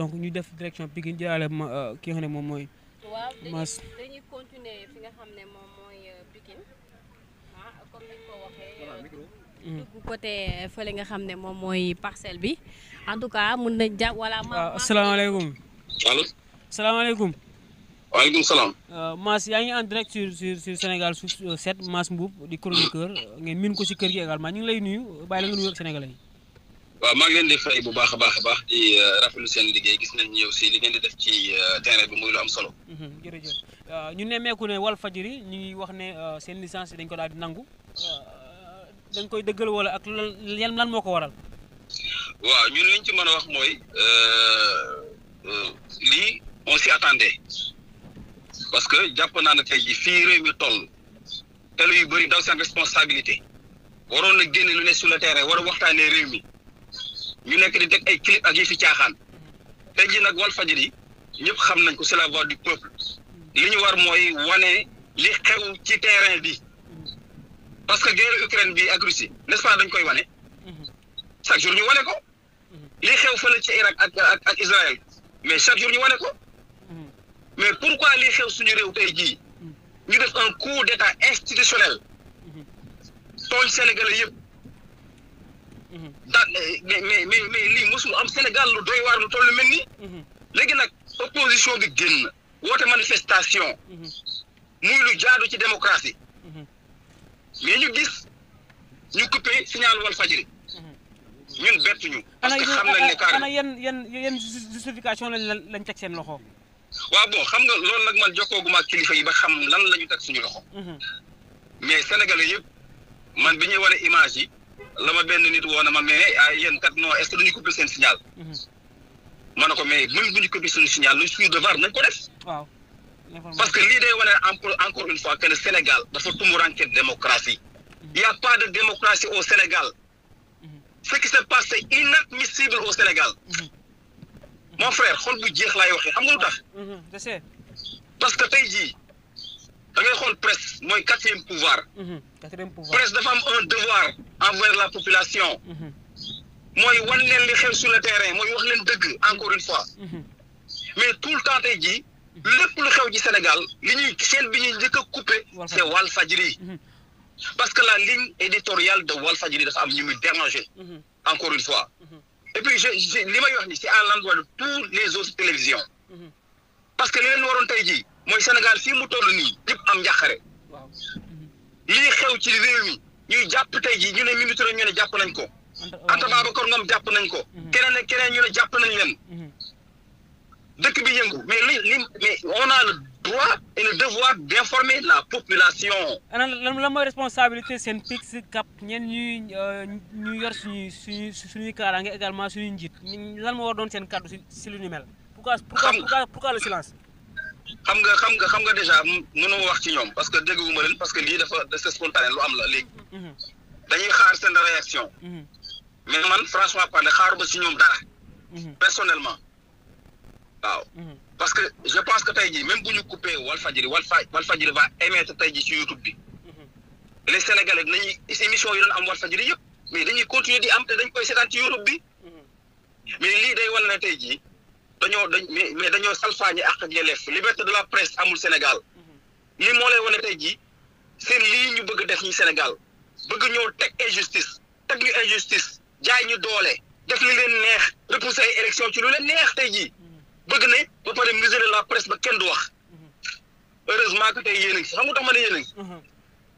donc ñu def direction Pikine jëlaale ma euh, ki nga ne moom mooy. mas xam ne moom mooy euh, Pikine ah ko waxee. Euh, mm. fële nga xam ne moom mooy parcelle bi en tout cas mun nañ jàpp wala. waaw ah, asalaamaaleykum. allo. salaamaaleykum. waaleykum salaam. Mass yaa ngi en direct sur sur sur Sénégal sur 7 Mass Mboup di chroniqueur ngeen miin ko si kër gi également ñu ngi lay nuyu bàyyi la nga nuyu ak yi. waaw maa ngi leen di fay bu baax a baax a baax di euh, lu seen liggéey gis nañ ñëw si li ngeen di def ci euh, terrain bi muy lu am solo. Mhm, jërëjëf euh, ñu nemmeeku ne Walf Fadjri ñu ngi wax ne seen licence dañ ko daal di nangu dañ koy dëggal wala ak lan lan moo ko waral. waaw ñun liñ ci mën a wax mooy lii on s'y attendait parce que jàpp naa ne tey jii fii réew mi toll télé yu bëri daw seen responsabilité waroon na génne lu ne su le terrain war a waxtaanee réew mi. ñu nekk di teg ay clip ak yi fi caaxaan te jii nag wal fajiri ñëpp xam nañ ko c'est la voix du li ñu war mooy wane li xew ci terrain bi parce que guerre Ukraine bi ak Russie n'est-ce pas dañ koy wane chaque jour ñu wane ko li xew fële ci Irak ak ak ak Israël mais chaque jour ñu wane ko mais pourquoi li xew suñu réew tey gii ñu def un coup d'état institutionnel tooñ Sénégalais yëpp. daa eh, mais mais mais lii mosul am Sénégal lu doy waar lu toll mel nii. Mhm. léegi nag opposition bi génn woote manifestation. Mhm. muy lu jaadu ci démocratie. Mhm. mais ñu gis ñu coupé signal wal fajiri. ñun bett ñu. parce que xam nañ ne carrément ana yan yan yan justification lañ lañ teg seen loxo. waaw bon xam nga loolu nag man jokkooguma ak kilifa yi ba xam lan la ñu teg suñu loxo. mais sénégalais yëpp man bi ñuy wane image yi. la ma benn nit woon na ma mais ah, yéen kat non est ce que duñu coupé seen signal. Mhm. ma ne ko mais même bu ñu coupé seen signal lu suñu devoir nañ ko def. waaw parce que lii day wane encore encore une fois que le Sénégal dafa tumuranke démocratie. Mhm. il y a pas de démocratie au Sénégal. Mhm. ce qui se passe c'est inadmissible au Sénégal. mon frère xol bu jeex laay waxee xam nga lu tax. parce que tey jii. da ngay xool presse mooy quatrième pouvoir. Mhm, quatrième pouvoir presse dafa am un devoir envers la population. Mhm. mooy wan leen li xew sur terrain mooy wax leen dëgg encore une fois. Mhm. mais tout le temps tey jii lépp lu xew ci Sénégal li ñuy chaîne bi ñuy njëkk a coupé. c'est Walfadjri parce que la ligne éditoriale de Walfadjri dafa am ñu muy déranger. encore une fois. et puis je li may wax ni c'est à l'endroit de toutes les autres télévisions. parce que li leen waroon tey jii. mooy senegal fii mu toll nii ñëpp am njàqare mhm. lii xew ci réew mi ñuy jàpp tey ji ñu ne Mimi ñu ne jàpp nañ ko Anta Babacar Ngom jàpp nañ ko mhm. keneen ak keneen ñu ne jàpp nañ leen mhm. dëkk bi yëngu mais li li mais on a droit et le devoir la population. lan lan mooy responsabilité seen picc si cap ñenn ñuy euh, ñu yor suñuy suñuy suñuy kaaraange également suñuy njiit lan moo war doon seen kàddu si si lu ñu mel. pourquoi pourquoi pourquoi le silence. xam nga xam nga xam nga déjà mënoo wax ci ñoom parce que dégguma leen parce que lii dafa c'est spontané lu am la léegi. Mhm. dañuy xaar seen réaction. Mhm. mais man franchement parler xaaruma ci ñoom dara. Mhm. personnellement waaw. parce que je pense que tey jii même bu ñu coupé Walfadjri Walfa Walfadjri va émettre tey jii ci YouTube bi. les Sénégalais dinañuy émission yi doon am Walfadjri yëpp mais dañuy continuer di am te dañ koy seetaan ci YouTube bi. mais lii day wane ne tey jii. dañoo dañ mais mais dañoo salfaañe ak ak yelleef liberté de la presse amul Sénégal mhm. lii moo lay wone tey jii seen lii ñu bëgg def ñu Sénégal bëgg ñoo teg injustice teg ñu injustice jaay ñu doole def li leen neex repousser ay élection ci lu leen neex tey jii mhm. bëgg ne ba pare museler la presse ba kenn du wax mhm. heureusement que tey yéen a ngi si xam nga tax ma yéen a ngi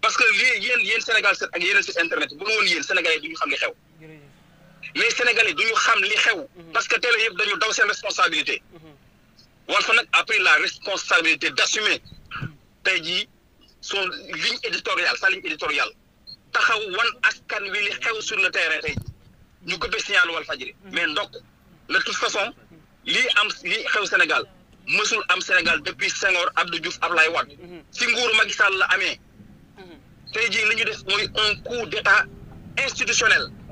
parce que lii yéen yéen Sénégal set ak yéen a si internet bu nu woon yéen Sénégalais du ñu xam ne xew mais Sénégalais du ñu xam li xew. Mhm. parce que télé dañu daw seen responsabilité. Mhm. Walf nag a pris la responsabilité d' assumer tey jii son ligne éditoriale sa ligne éditoriale taxaw wan askan wi li xew sur le terrain tey ñu ko signal Walfadjri mhm. mais ndokk de toute façon lii am lii xew Sénégal mësul am Sénégal depuis Senghor Abdou Diouf Ablaye Wade si nguuru Macky Sall la amee tey jii li def mooy un coup d' état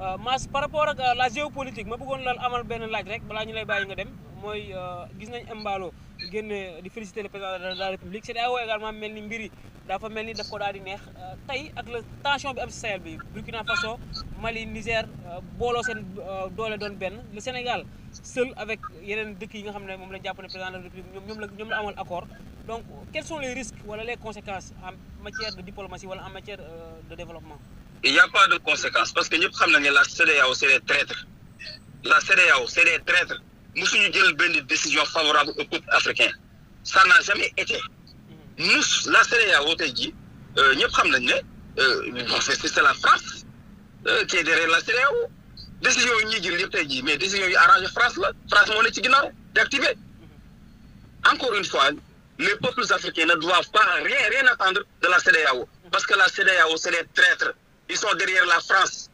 Euh, Mass par rapport ak euh, la géopolitique ma bëggoon loolu amal benn laaj rek balaa ñu lay bàyyi nga dem mooy euh, gis nañ Embalo génne di féliciter le président de la République CEDEAO également mel ni mbiri dafa mel ni daf ko daal neex tey ak la tension bi am si Sahel bi Burkina Faso Mali Niger booloo seen doole doon benn le Sénégal seul avec yeneen dëkk yi nga xam ne moom la jàpp ne président de la République ñoom ñoom la ñoom la amal accord donc quels sont les risques wala les conséquences en matière de diplomatie wala en matière de développement il n'y a pas de conséquences parce que ñëpp xam nañ ne la CEDEAO c'est des traîtres la CEDEAO c'est des traîtres musuñu jël benn décision favorable au peuple africain ça n'a jamais été nous la CEDEAO tey ji euh, ñëpp xam nañ ne en euh, fait c'est la France euh, qui est derrière la CEDEAO décision yi ñuy jël yëpp tey jii mais décision yi arrangé France la France moo ne ci ginnaaw d'activer encore une fois les peuples africains ne doivent pas rien rien attendre de la CEDEAO parce que la CEDEAO c'est des traîtres ils sont derrière la France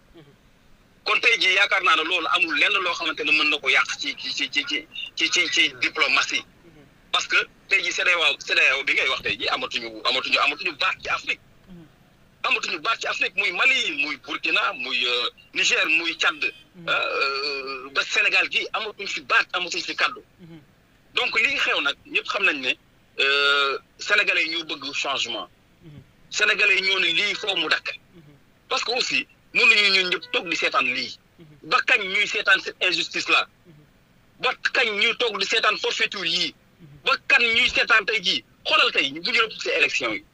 kon tey jii yaakaar naa ne loolu amul lenn loo xamante ne mën na ko yàq ci ci ci ci ci ci ci diplomatie parce que tey jii CEDEAO CEDEAO bi ngay wax tey jii amatuñu amatuñu amatuñu baat ci Afrique amatuñu baat ci Afrique muy Mali muy Burkina muy euh, Niger muy Tchad euh, euh, ba Sénégal gi amatuñ fi baat amatuñ fi kàddu donc li xew nag ñëpp xam nañ ne Sénégalais yi ñoo bëgg changement Sénégalais yi ñoo ne lii foo mu dakk parce que aussi mënuñu ñun ñëpp toog di seetaan lii mhm. ba kañ ñuy seetaan cette injustice la mhm. ba kañ ñuy toog di seetaan forfaiture yi mhm. ba kañ ñuy seetaan tey jii xoolal tey bu ñu repoussé élection yi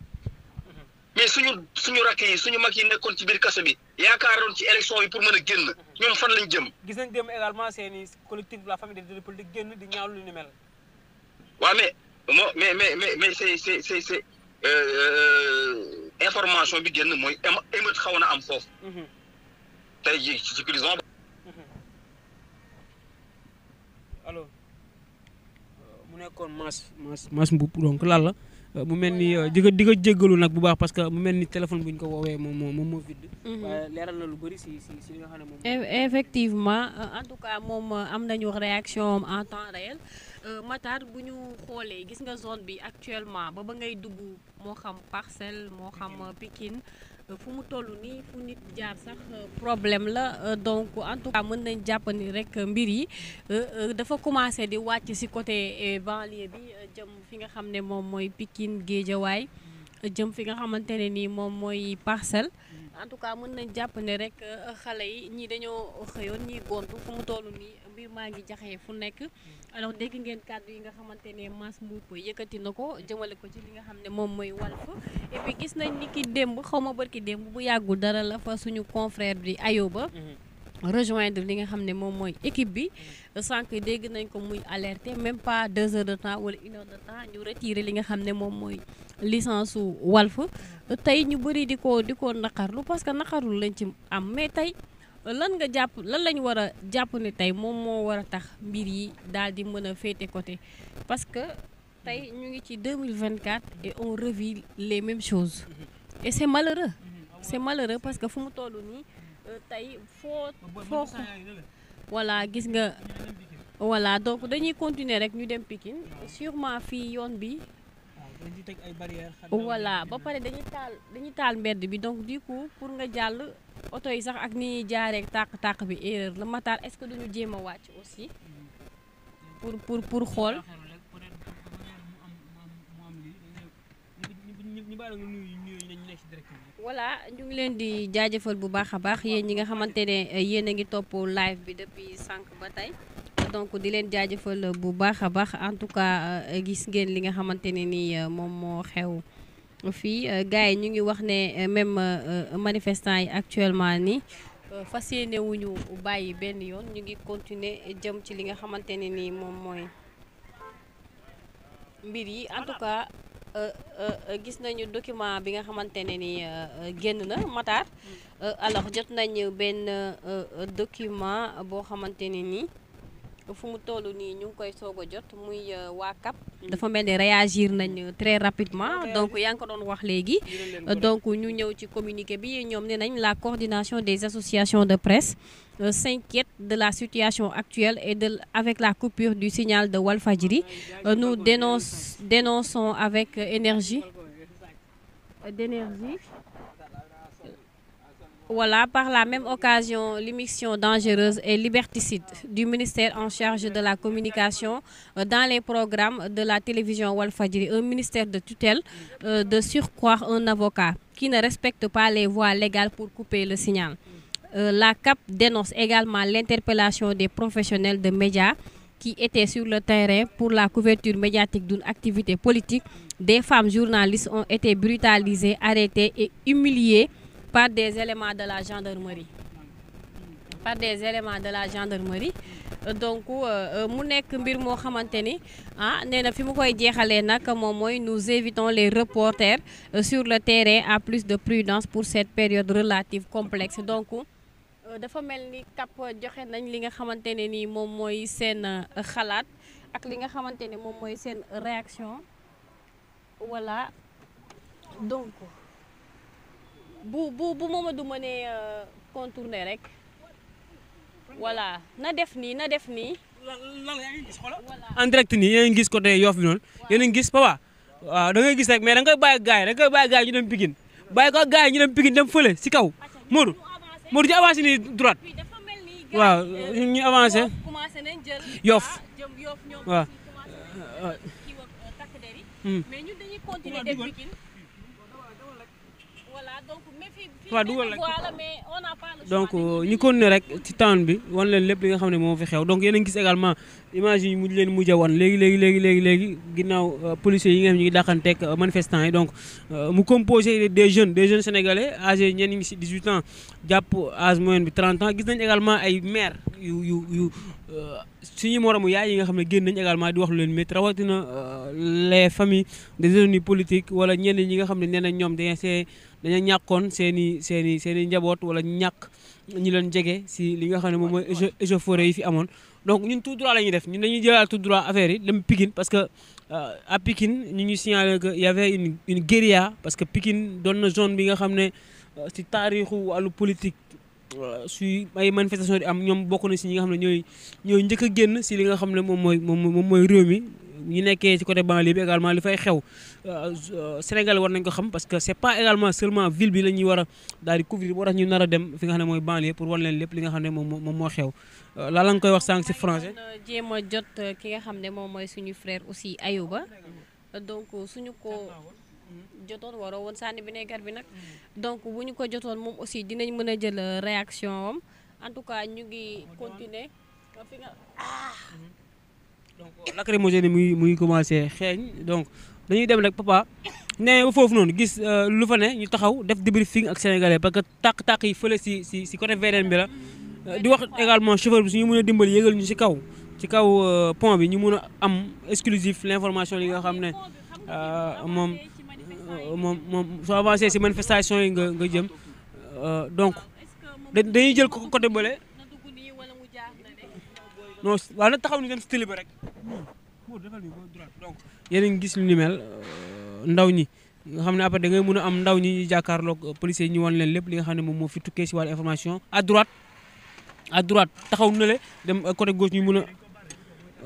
mais suñu suñu rakk yi suñu mag yi nekkoon ci biir kaso bi yaakaaroon ci élection yi pour mën a génn ñoom fan lañ jëm. gis nañ dem également seeni collectif la famille de politique génn di ñaawlu lu ni mel. waa mais moo mais mais mais mais c'est c'est c'est Euh, euh, information bi génn mooy émeute xaw na am foofu. Mhm. tey mhm. euh, mu nekkoon Mass Mass Mass Mboup donc lan Euh, mu mel ni euh, di ko di ko jéggalu nag bu baax parce que mu mel ni téléphone bu ñu ko woowee moom moo moom moo vide. Mhm. leeral na lu bëri si si si li nga xam ne moom. effectivement euh, en tout cas moom am nañu réaction en temps réel. bu ñu xoolee gis nga zone bi actuellement ba ba ngay dugg moo xam parcelle moo xam Pikine. Euh, fu mu toll nii fu nit jaar sax euh, problème la euh, donc en tout mën nañ jàpp ni rek mbir yi dafa commencé di wàcc ci côté banlieue bi jëm fi nga xam ne moom mooy Pikine Guédiawaye jëm fi nga xamante ne nii moom mooy parcelle en tout cas mën nañ jàpp ne rek euh, xale yi ñii dañoo xëyoon ñii gontu fu mu toll nii mbir maa ngi jaxe fu nekk alors dégg ngeen kàddu yi nga xamante ne Mass ko yëkkati na ko jëmale ko ci li nga xam ne moom mooy Walf et puis gis nañ ni ki démb xaw ma barki démb bu yàggul dara la fa suñu confrère bi ba rejoindre li nga xam ne moom mooy équipe bi sànq dégg nañ ko muy alerter même pas deux heures de temps wala une heure de temps ñu retirer li nga xam ne moom mooy licence su Walf tey ñu bëri di ko di ko naqarlu parce que naqarlu lañ ci am mais tey lan nga jàpp lan lañ war a jàpp ne tey moom moo war a tax mbir yi daal di mën a féete côté parce que tey ñu ngi ci 2024 et on revit les mêmes choses et c'est malheureux c'est malheureux parce que fu mu toll nii tey foo foo voilà gis nga voilà donc dañuy continuer rek ñu dem pikin sûrement fii yoon bi walla ba pare dañuy taal dañuy taal mbedd bi donc du pour nga jàll oto yi sax ak ni ñuy jaaree tàq-tàq bi erreur la Matar est-ce que duñu jéem a wàcc aussi pour pour pour xool voilà ñu ngi leen di jaajëfal bu baax a baax yéen ñi nga xamante ne euh, yéen a ngi topp live bi depuis sànq ba tey donc di leen jaajëfal bu baax a baax en tout cas euh, gis ngeen li nga xamante ne ni euh, moom moo xew fii gars yi ñu ngi wax ne même manifestant yi actuellement ni fas yéene wuñu bàyyi benn yoon ñu ngi continuer jëm ci li nga xamante ne ni moom mooy mbir yi en tout cas Euh, euh, euh, gis nañu document bi nga xamante ne ni génn na Matar mm. alors jot nañu benn document boo xamante ne ni fu mu toll nii ñu ngi koy soog a jot muy euh, waa CAP. dafa mel ni réagir nañ très rapidement donc yaa ngi ko doon wax léegi donc ñu ñëw ci communiqué bi ñoom ne nañ la coordination des associations de presse euh, s'inquiète de la situation actuelle et de avec la coupure du signal de Walfadjiri ah, euh, nous dénonce dénonçons avec énergie d'énergie Voilà, par la même occasion, l'émission dangereuse et liberticide du ministère en charge de la communication euh, dans les programmes de la télévision Walfadjiri, un ministère de tutelle euh, de surcroît un avocat qui ne respecte pas les voies légales pour couper le signal. Euh, la CAP dénonce également l'interpellation des professionnels de médias qui étaient sur le terrain pour la couverture médiatique d'une activité politique. Des femmes journalistes ont été brutalisées, arrêtées et humiliées par des éléments de la gendarmerie par des éléments de la gendarmerie donc euh, euh, mu nekk mbir moo xamante ni ah nee na fi mu koy jeexalee nag moom mooy nous évitons les reporters euh, sur le terrain à plus de prudence pour cette période relative complexe donc dafa mel ni CAP joxe nañ li nga xamante ne ni moom mooy seen xalaat ak li nga xamante ni moom mooy seen réaction voilà donc bu bu bu a Mamadou mënee euh, contourner rek voilà na def nii na def nii. lan yaa ngi gis en direct nii yéen a gis côté Yoff bi noonu yéen a ngi gis Papa waaw da ngay gis rek mais da nga koy bàyyi gaay yi da nga koy bàyyi gaay yi ñu dem Pikine bàyyi ko gaay yi ñu dem Pikine fële si kaw Modou Modou ñu avancé nii droite waaw euh, ñu avancé Yoff ah, waaw. Euh, hmm. mais ñun dañuy continuer dem Pikine waaw dugal rek donc ñu continuer rek ci temps bi wan leen lépp li nga xam ne moo fi xew donc yéen a ngi gis également image yi mu leen mujj a wan léegi léegi léegi léegi léegi ginnaaw euh, policiers yi nga xam ñu ngi dàqanteeg euh, manifestants yi donc euh, mu composé des jeunes des jeunes sénégalais âgés ñenn ñi si 18 ans jàpp âge moyenne bi 30 ans gis nañ également ay maire yu yu yu suñu moromu yaay yi nga xam ne génn nañ également di wax lu leen métti rawatina les familles des détenus politiques wala ñenn ñi nga xam ne nee nañ ñoom dañu see dañoo ñàkkoon seen i seen i seen i njaboot wala ñàkk ñi leen jege si li nga xam ne moom mooy échauffourée yi fi amoon donc ñun tout droit la ñuy def ñun dañuy jëlaat tout droit affaire yi pikin parce que euh, à Pikine ñu ñu signalé que y avait une géria parce que Pikine doon na zone bi nga xam ne euh, si taarixu wàllu politique euh, suy ay manifestation di am ñoom bokk na si ñi nga xam ne ñooy ñooy njëkk génn si li nga xam ne moom mooy moom mooy réew mi ñu nekkee ci côté banlieue également li fay xew euh, Sénégal war nañ ko xam parce que c'est pas également seulement ville bi la war a daal di couvrir moo tax ñu nar a dem fi nga xam ne mooy banlieue pour moom euh, la koy wax sànq ci jéem jot euh, ki nga xam ne moom mooy suñu frère aussi Ayouba donc suñu ko. jotoon waroo woon sànni vinaigre bi nag donc bu ñu ko jotoon moom aussi dinañ mën a jël réaction am en tout cas ñu ngi continuer fi ah! donc euh, lacrymogène muy muy commencé xeeñ donc dañuy dem rek papa nee ba foofu noonu gis euh, lu fa ne ñu taxaw def débriefing ak sénégalais parce que tàq-tàq yi fële si si si côté VDN bi la euh, di wax également chauffeur bi suñu mun a dimbali yëgal ñu si kaw ci kaw pont bi ñu mën a am exclusif l'information yi nga xam ne moom moom moom soo si manifestation yi nga nga jëm donc dañuy jël côté bële non waaw na taxaw ni dem style bi rek donc yéen a ngi gis lu ni mel euh, ndaw ñi nga xam ne après da ngay mën a am ndaw ñi jàkkaarloog policier yi ñu won leen lépp li nga xam ne moom moo fi tukkee si wàllu information à droite à droite taxaw na le dem côté gauche ñu mën a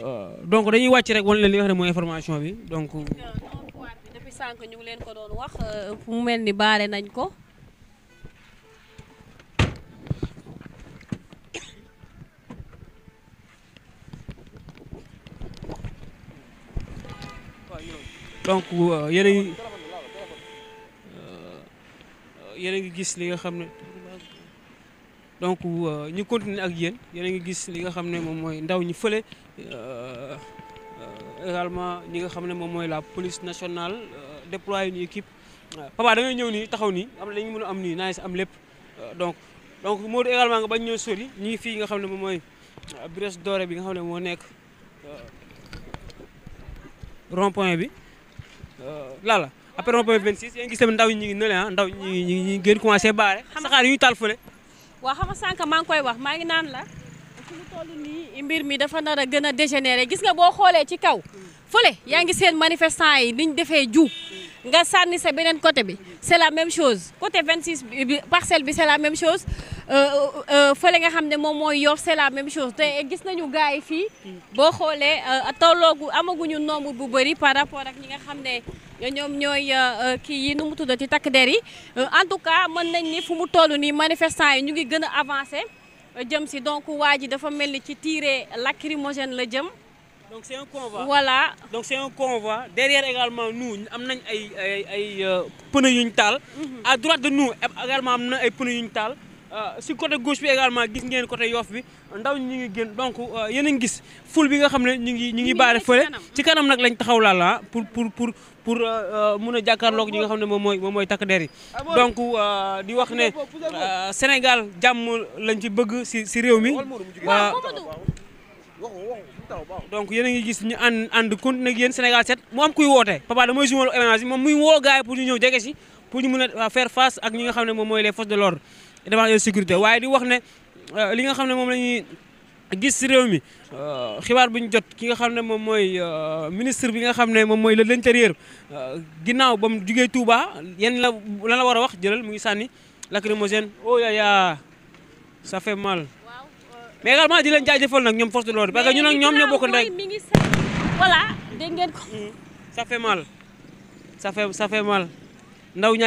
euh, donc dañuy wàcc rek wan leen li nga xam ne moo information bi donc. Euh, depuis sànq ñu ngi leen ko doon wax mu mel ni baare nañ ko. donc euh, yéen a ngi euh, yéen a ngi gis li nga xam ne donc euh, ñu continuer ak yéen yéen a ngi gis li nga xam ne moom mooy ndaw ñi fële également ñi nga xam ne moom mooy la police nationale déployé une équipe papa da ngay ñëw nii taxaw nii am dañu mën a am nii naa si am lépp donc donc Modou également nga bañ ñoo sori ñi ngi fii nga xam ne moom mooy Brèche Dorée bi nga xam ne moo nekk rond bi lala après rond point 26 yaa ngi ndaw ñi ñu ngi ah, ndaw ñi ñu ngi gën commencé baare saxaar yi ñu taal fële waaw xam nga sànq maa ngi koy wax maa ngi naan la fi mu toll nii mbir mi dafa nar a gën a dégénéré gis nga boo xoolee ci kaw fële yaa ngi seen manifestant yi niñ defee juu nga sànni sa beneen côté bi c'est la même chose côté 26 bi parcelle bi c'est la même chose euh, euh, euh, fële nga xam ne moom mooy yor c'est la même chose te gis nañu gars yi fii boo xoolee tolloogu amaguñu nombre bu bëri par rapport ak ñi nga xam ne ñoom ñooy kii yi nu mu tuddati ci takk der yi en tout cas mën nañ ni fu mu toll nii manifestant yi ñu ngi gën a avancé jëm si donc waa ji dafa mel ni ci tiré lacrymogène la jëm donc c'est un voilà donc c'est un convoi derrière également nous am nañ ay ay ay euh, yu ñu taal. Mhm. à droite de nous également am na ay yu ñu taal. Euh, si côté gauche bi gis ngeen côté Yoff bi ndaw ñu ngi génn donc euh, yéen a ngi gis foule bi nga xam ne ñu ngi ñu ngi baare fële ci kanam nag lañ taxaw laal ah, pour pour pour pour mun a jàkkaarloog ñi nga xam ne moom mooy moom mooy takk der yi. Ah donc di wax ne Sénégal jàmm lañ ci bëgg si si réew mi. donc yéen a ngi gis ñu ànd ànd continuer ak yéen Sénégal 7 mu am kuy woote papa damay sumal émergence bi moom muy woo gars yi pour ñu ñëw jege si pour ñu mën a euh, faire face ak ñi nga xam ne moom mooy les forces de l'ordre et de sécurité waaye di wax ne euh, li nga xam ne moom la ñuy gis si réew mi euh, xibaar bi ñu jot ki nga xam ne moom mooy ministre bi nga xam ne moom mooy la le l'intérieur ginnaaw ba mu jugee Touba yéen la la war a wax jëlal mu ngi sànni lacrymogène oh yaya ça fait mais également di leen jaajëfal nag ñoom force de l'ordre parce que ñun ñoom ñoo bokk rek voilà dégg ngeen ko. Hmm, ça fait mal ça fait mal ndaw ñaa